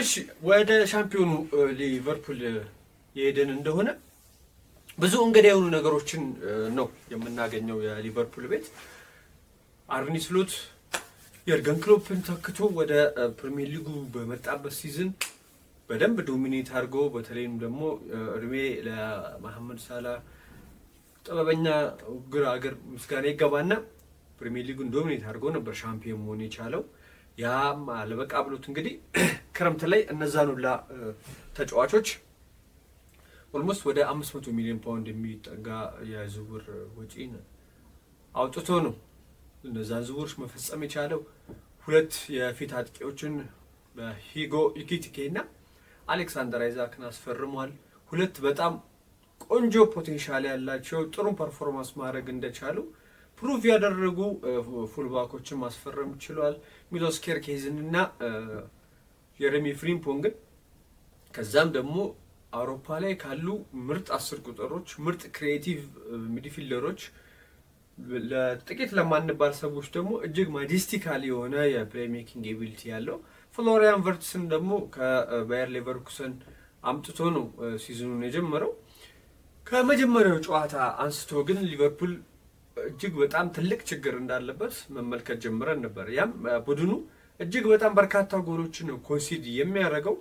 እሺ ወደ ሻምፒዮኑ ሊቨርፑል የሄደን እንደሆነ ብዙ እንግዳ የሆኑ ነገሮችን ነው የምናገኘው። የሊቨርፑል ቤት አርኒ ስሎት የርገን ክሎፕን ተክቶ ወደ ፕሪሚየር ሊጉ በመጣበት ሲዝን በደንብ ዶሚኔት አድርጎ በተለይም ደግሞ እድሜ ለመሐመድ ሳላ ጥበበኛ ግራ አገር ምስጋና ይገባና ፕሪሚየር ሊጉን ዶሚኔት አድርጎ ነበር ሻምፒዮን መሆን የቻለው። ያም አልበቃ ብሎት እንግዲህ ክረምት ላይ እነዛን ሁላ ተጫዋቾች ኦልሞስት ወደ 500 ሚሊዮን ፓውንድ የሚጠጋ የዝውውር ወጪን አውጥቶ ነው እነዛን ዝውውሮች መፈጸም የቻለው። ሁለት የፊት አጥቂዎችን በሂጎ ኢኪቲኬ እና አሌክሳንደር አይዛክን አስፈርሟል። ሁለት በጣም ቆንጆ ፖቴንሻል ያላቸው ጥሩ ፐርፎርማንስ ማድረግ እንደቻሉ ፕሩቭ ያደረጉ ፉልባኮችን ማስፈረም ችሏል። ሚሎስ ኬርኬዝን እና ጀረሚ ፍሪምፖንግን ከዛም ደግሞ አውሮፓ ላይ ካሉ ምርጥ አስር ቁጥሮች ምርጥ ክሪኤቲቭ ሚድፊልደሮች ለጥቂት ለማንባል ሰዎች ደግሞ እጅግ ማጀስቲካል የሆነ የፕሌሜኪንግ ሜኪንግ ኤቢሊቲ ያለው ፍሎሪያን ቨርትስን ደግሞ ከባየር ሌቨርኩሰን አምጥቶ ነው ሲዝኑን የጀመረው። ከመጀመሪያው ጨዋታ አንስቶ ግን ሊቨርፑል እጅግ በጣም ትልቅ ችግር እንዳለበት መመልከት ጀምረን ነበር። ያም ቡድኑ እጅግ በጣም በርካታ ጎሎችን ነው ኮንሲድ የሚያደርገው።